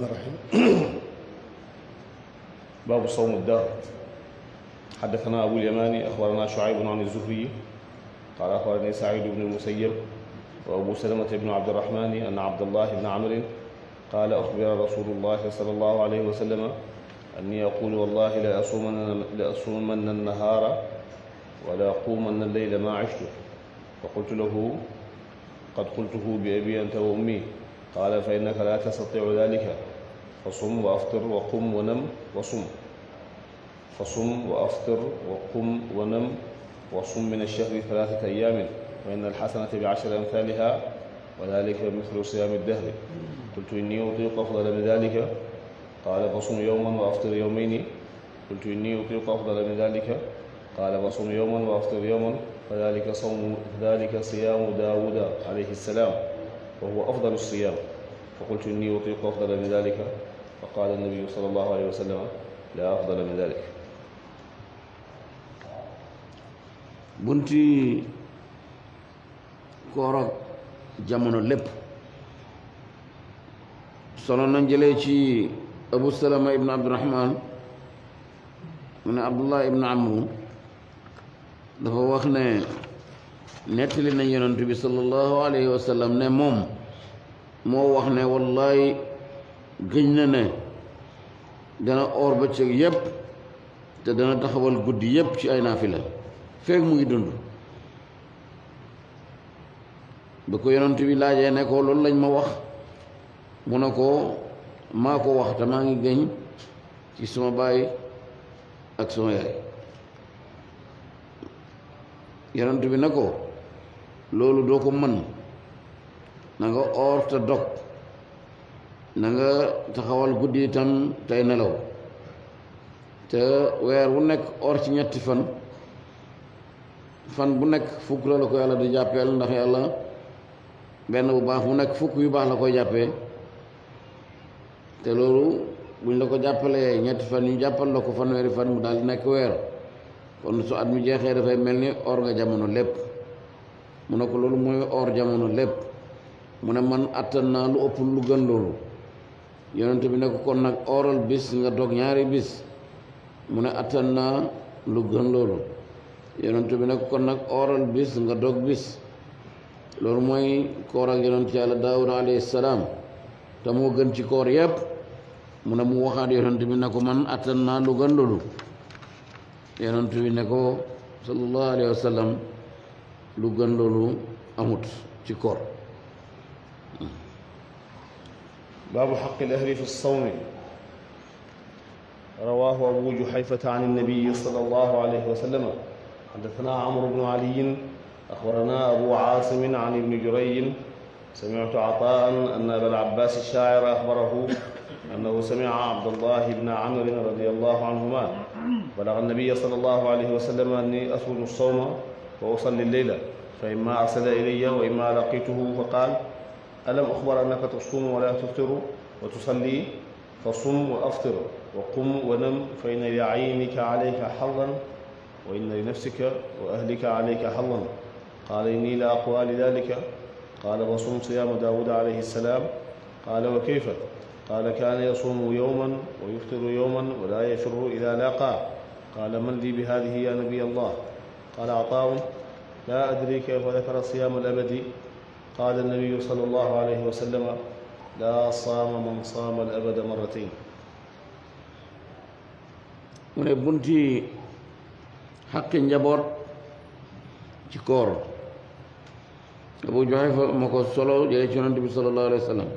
الرحيم باب صوم الدهر حدثنا أبو اليماني أخبرنا شعيب عن الزهري قال أخبرني سعيد بن المسيب وأبو سلمة بن عبد الرحمن أن عبد الله بن عمرو قال أخبر رسول الله صلى الله عليه وسلم أني يقول والله لأصومن, لأصومن النهار ولا أقومن الليل ما عشت فقلت له قد قلته بأبي أنت وأمي qaala fa innaka laa tastatiu dalika fa sum wa aftir wa qum wa nam wa sum fa sum wa aftir wa qum wa nam wa sum min alchahri talaatata ayaamin wa inna alxasanata bi ashri amthaliha wa dalika mithlu siyaami dahri qultu inni utiqu afdala min dalika qaala fa sum yowman wa aftir yowmayni qultu inni utiqu afdala min dalika qaala fa sum yowman wa aftir yowman fa dalika sawmu dalika siyaamu daawuda alayhi salaam wa huwa afdalu siyaam fa qultu inni utiqu afdala min dalika fa qaala nabiyu sal allahu alayhi wa sallama laa afdala min dalik bunti koor ak jamono lépp solo nañ jëlee ci abu salama ibn abdurahman mu ne abdullah ibn amru dafa wax ne nettali nañ yonent bi sallallahu alayhi wa ne moom moo wax ne wallaay gëñ na ne dana oor bëccëg yépp te dana taxawal guddi yépp ci ay naafila feek mu ngi dund ba ko yonent bi laajee ne ko loolu lañ ma wax mu ne ko maa ko wax te maa ngi gëñ ci suma baay ak suma yaay yonent bi ne ko loolu doo ko mën nanga nga oor te dog na taxawal guddi itam tey nelaw te weer wu nekk oor ci ñetti fan fan bu nekk fukk la la ko yàlla di jàppeel ndax yàlla benn bu baax bu nekk fukk yu baax la koy jàppee te loolu buñ la ko jàppalee ñetti fan yu jàppal la ko fanweeri fan mu daal di nekk weer kon su at mi jeexee dafay mel ni or nga jamono lépp mu ne ko loolu mooy or jamono lépp mu ne man attan naa lu ëpp lu gën loolu yonent bi ne ko kon nag oral bis nga dog ñaari bis mu ne lu gën loolu bi ne kon nag oral nga dog bis loolu mooy koor ak yonent yàlla daawuda alayhi salaam te moo gën ci koor yépp mu ne mu waxaat yonent bi ne ko man àttan naa lu gën loolu yonent bi ne ko sallallahu alayhi lu gën loolu amut ci koor baabu xaqil ahli fi sawmi rawaahu abu juhayfata an annabiyi sal allahu alayhi wa sallama xaddasanaa amru bnu aliyin axbaranaa abu aasimin an ibni jurayin samictu cataan an abal abbaas shaacir axbarahu annahu samica abdallahi bna camrin radiallahu anhuma balaga annabiya sal allahu alayhi wa sallama anni asunu sawma wa usalli leyla fa imma arsala ilayya wa imma laqituhu fa qaal alam uxbar annaka tasuumu wa la tuftiru wa tusalli fa sum wa aftir wa qum wa nam fa inna li aynika alayka xadan wa inna li nafsika wa ahlika alayka xadan qaala inni la aqwa li dalika qaala fa sum siyaama daawuda alayhi salaam qaala wa kayfa qaala kaana yasuumu yowman wa yuftiru yowman wa laa yafirru idaa laaqaa qaala man lii bi haadihi yaa nabiy allah قال عطاء لا أدري كيف ذكر الصيام الأبدي قال النبي صلى الله عليه وسلم لا صام من صام الأبد مرتين mu ne bunti xaqi njaboot ci koor Abu Juhayfa ma ko solo jëlee ci yonent bi sallallahu alayhi wa sallam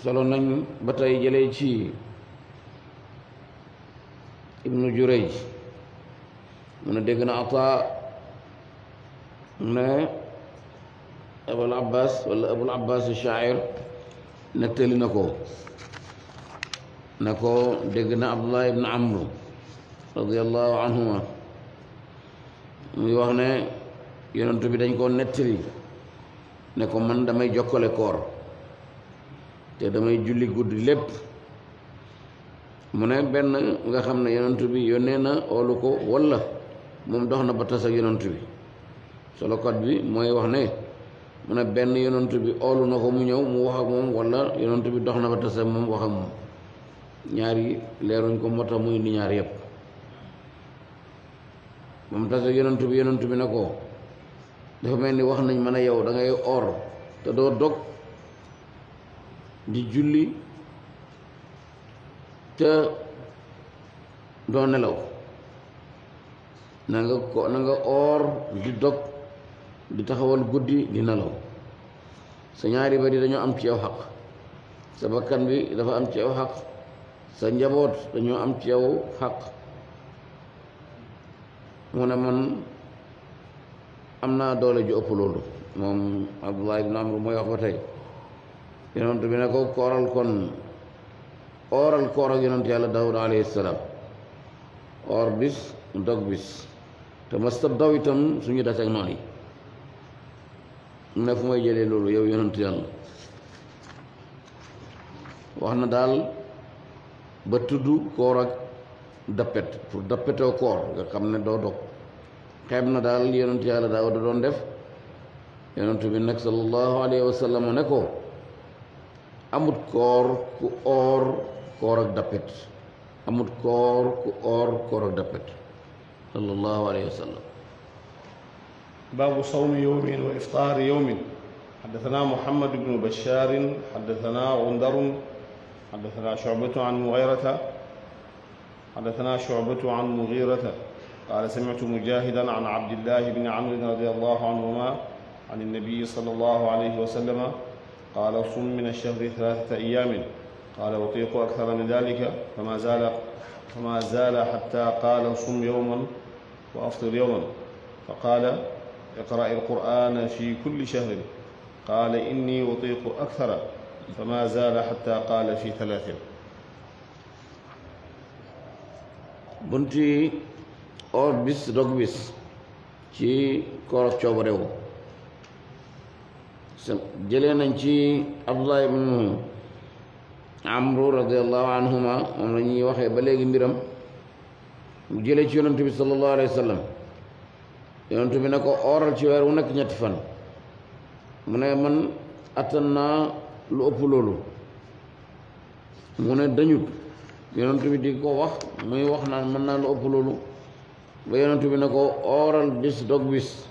solo nañ ba tey jëlee ci Ibnu Jurayj mu ne dégg na Ataa mu ne Abul Abbas wala Abul Abbas Shaa'ir nettali na ko na ko dégg na Abdullah ibn Amr radiyallahu anhuma muy wax ne yonent bi dañ koo nettali ne ko man damay jokkale koor te damay julli guddi lépp mu ne benn nga xam ne yonent bi yónnee na oolu ko walla moom dox na ba tas ak bi solokat bi mooy wax ne mu ne benn yonent bi oolu na ko mu ñëw mu wax ak moom wala yonent bi dox na ba tas moom wax ak moom ñaar leeruñ ko moo tax muy ñaar yëpp moom tas ak bi yonent bi ne ko dafa mel ni wax nañ mën a yow dangay ngay or te doo dog di julli te doo nelaw nanga nga ko na oor di dog di taxawal guddi di nelaw sa ñaari bari dañoo am ci yow xaq sa bakkan bi dafa am ci yow xaq sa njaboot dañoo am ci yow xaq mu ne man am naa doole ju ëpp loolu moom Abdullah ibn Amr mooy wax ba tey yonent bi ne ko kooral kon ooral koor ak yàlla Daawud alayhi salaam or bis dog bis te mastabdaw itam suñu des ak noon yi mu ne fu may jëlee loolu yow yonent yàlla wax na daal ba tudd koor ak dappet pour dappetoo koor nga xam ne doo dog xeeb na daal yonent yàlla daaw da doon def yonent bi nag sallallahu alayhi wa sallam ne ko amut koor ku oor koor ak dappet amut koor ku oor koor ak dappet sallallahu alayhi wa sallam baabu sawmi yowmin wa iftaari yowmin xaddasanaa muhammad ibnu bashaarin xaddasanaa gundarun xaddasanaa shucbatu an mugiirata xaddasanaa shucbatu an mugiirata qaala samictu mujaahidan an cabdillaahi bni camrin radiyallaahu canhumaa an annabiyi sallallaahu alayhi wa sallama qaala sum min ashahri talaatata ayaamin qaala utiiqu akthara min daalika famaa zaala فما زال حتى قال صم يوما وأفطر يوما فقال اقرأ القرآن في كل شهر قال إني أطيق أكثر فما زال حتى قال في ثلاث bunti or bis dog bis ci koor ak coobarewu jëlee nañ ci Abdullah ibn amru radiallahu anhuma moom la ñuy waxee ba léegi mbiram mu jëlee ci yonantu bi sallallahu alayhi wa sallam bi ne ko ooral ci weer wu nekk ñetti fan mu ne man attan naa lu ëpp loolu mu ne dañut yonantu bi di ko wax muy wax naan mën naa lu ëpp loolu ba yonantu bi ne ko ooral bis dog bis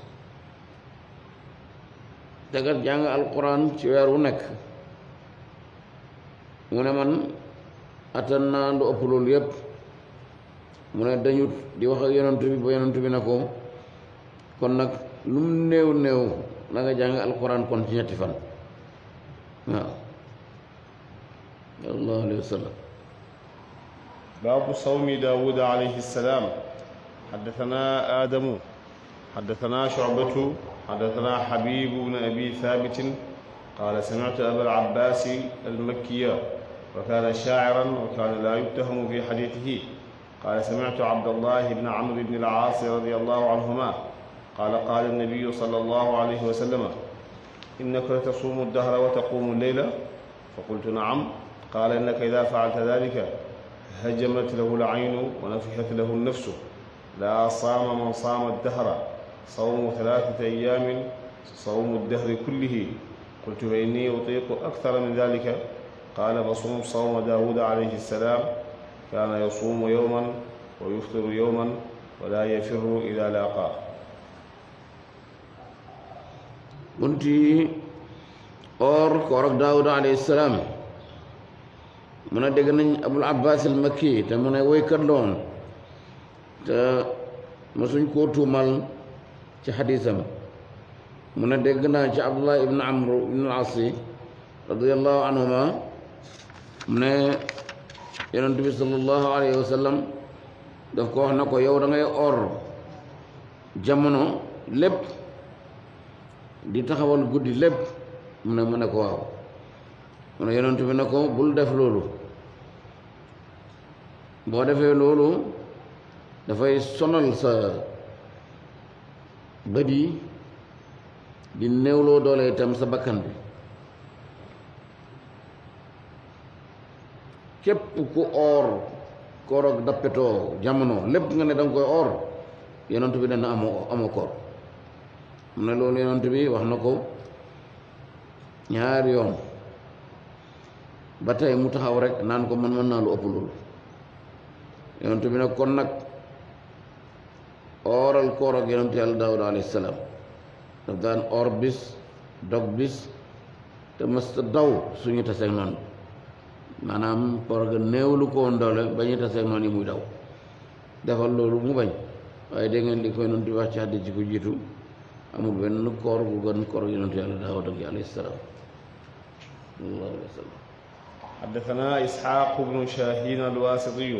dagat jàng alquran ci weer wu nekk mu ne man attan naa lu ëpp yépp mu ne dañut di wax ak yonent bi ba yonent bi na ko kon nag lu mu néew néew na nga jàng alquran kon ci ñetti fan waaw sallallahu alayhi wa sallam baabu sawmi daawud alayhi salaam xaddatanaa aadamu xaddatanaa shocbatu xaddatanaa xabibu bnu abi thaabitin qaala samictu abal abbaasi almakkiya wa kaana shaa'iran wa kaana laa yubtahamu fi xadiitihi qaala samictu abdallahi bna amr bni al-aas radiyallahu anhuma qaala qaala nabiyu sallallahu alayhi wa sallama innaka tasuumu dahra wa taquumu leyla fa qultu naam qaala innaka idaa facalta dalika hajamat lahu al-aynu wa nafixat lahu an-nafsu laa saama man saama ad-dahra sawmu talaatati ayyaamin sawmu ad-dahri kullihi qultu fa innii utiiqu akthara min dalika qaala masum sawma daawuda alayhi salaam kaana yasuumu yowman wa yuftiru yowman wa laa yafirru ila laaqaa bunt yi or koor ak daawuda alayhi salaam mu ne dégg nañ abul abbas al makki te mu ne woykat la woon te masuñ koo tuumal ci xadiisam mu ne dégg naa ci abdullah ibn amr ibn al asi radiallahu anhuma mu ne yonent bi sallallahu alayhi wa sallam daf ko wax na ko yow da ngay or jamono lépp di taxawal guddi lépp mu ne mu ne ko waaw mu ne yonent bi ne ko bul def loolu boo defee loolu dafay sonal sa bët yi di néewloo doole itam sa bakkan bi képp ku oor koor ak dappetoo jamono lépp nga ne da nga koy oor yonent bi dana amoo amoo koor am na loolu yonent bi wax na ko ñaari yoon ba tey mu taxaw rek naan ko man mën naa lu ëpp loolu yonent bi nag kon nag ooral koor ak yonent yàlla daawuda alayhi salaam daf daan oor bis dog bis te mës ta daw suñu taseeg noonu maanaam parce que néewlu ko woon doole ba ñu tasee noonu yi muy daw defal loolu mu bañ waaye dégg ngeen li koy noonu di wax ci àddi ci ko jiitu amul benn koor bu gën koor yonentu yàlla daawud ak alayhi salaam sallallahu alayhi wa sallam حدثنا إسحاق بن شاهين الواسطي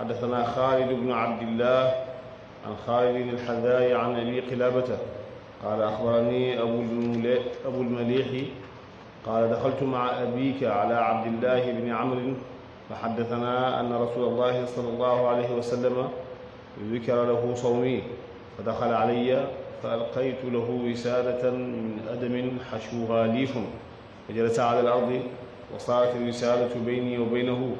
حدثنا خالد بن عبد الله عن خالد الحذاء عن أبي قلابته قال أخبرني أبو المليح qaala daxaltu maa abika ala abdillahi bni amrin fa xaddatanaa anna rasulallahi sallallahu alayhi wa sallama dukira lahu sawmi fa daxala alayya fa alqaytu lahu wisaadatan min adamin xashuuhaa liifun fa jalasa ala al-ardi wa saarat alwisaalatu bayni wa baynahu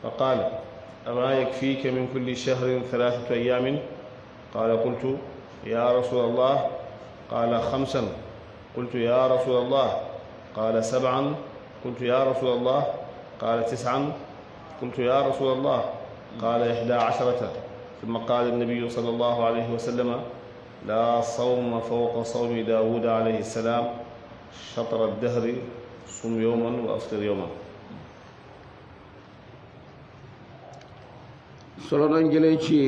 fa qaala amaa yakfiika min kulli shahrin talaatatu ayaamin qaala qultu yaa rasulallah qaala xamsan qultu yaa rasulallah qaala sab'an qultu ya rasula allah qaala tis'an qultu ya rasula allah qaala ihdaa asharata summa qaala annabiyu sal allahu alayhi wa sallama laa sawma fawqa sawmi daawuda alayhi salaam chatra dahri sum yowman wa aftir yowman solo nañ jëlee ci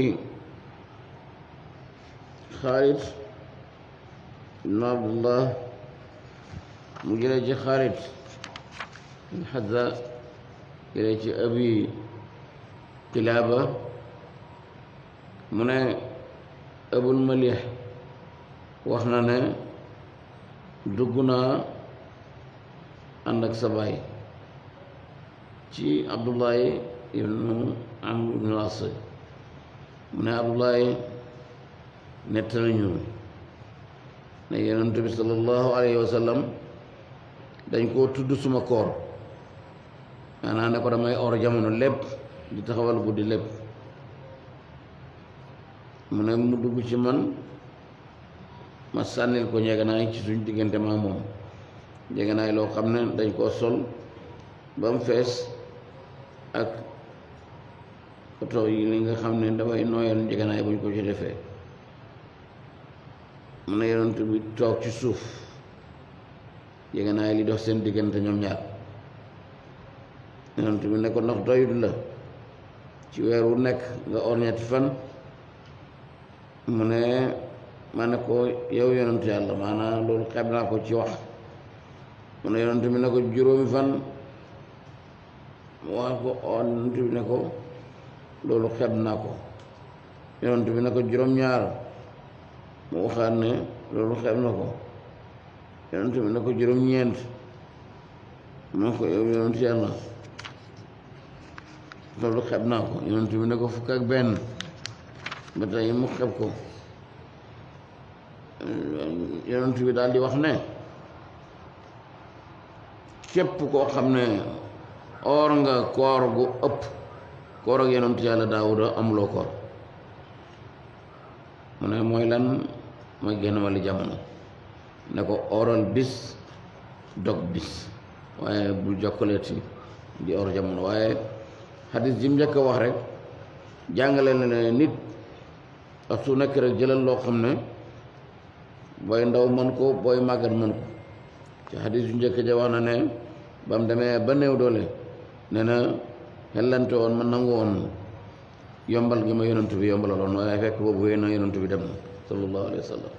Xaalid ibn Abdullah mu jëlee ci xarit min xadda ci abi kilaaba mu ne abul malih wax na ne dugg naa ànd ak sa baay ci abdullahi ibnu amr ibnu as mu ne abdullahi nettali ñu ne yonent bi sallallahu alayhi wa dañ koo tudd suma koor maanaam ne ko damay or jamono lépp di taxawal guddi lépp mu ne mu dugg ci man ma sànnil ko njegenaay ci suñ diggante maa moom njegenaay loo xam ne dañ koo sol ba mu fees ak oto yi li nga xam ne dafay nooyal njegenaay bu ñu ko ci defee mu ne yonent bi toog ci suuf yéega naa li dox seen diggante ñoom ñaar yonent bi ne ko ndax doyut la ci weer wu nekk nga or fan mu ne ma ne ko yow yonent yàlla maanaam loolu xeb naa ko ci wax mu ne yonent bi ne ko juróomi fan mu wax ko or yonent ne ko loolu xeb naa ko yonent bi ne ko juróom-ñaar mu waxaat ne loolu xeb na ko yonent bi ne ko juróom-ñeent mu ne ko yow yonent yàlla loolu xeb naa ko yonent bi ne ko fukk ak benn ba tey mu xeb ko yonent bi daal di wax ne képp koo xam ne oor nga koor gu ëpp koor ak yonent yàlla daawuda amuloo koor mu ne mooy lan mooy génn wàllu jamono ne ko oral bis dog bis waaye bul jokkaleeti di or jamono waaye xadis ji mu njëkk a wax rek jàngale na ne nit ak su nekk rek jëlal loo xam ne booy ndaw mën ko booy màggat mën ko ci xadis yu njëkk ja wax na ne ba demee ba néew doole ne na xellante woon man nangu woon yombal gi ma yonantu bi yombalaloon waaye fekk boobu wéy na bi dem na sallallahu alayhi wa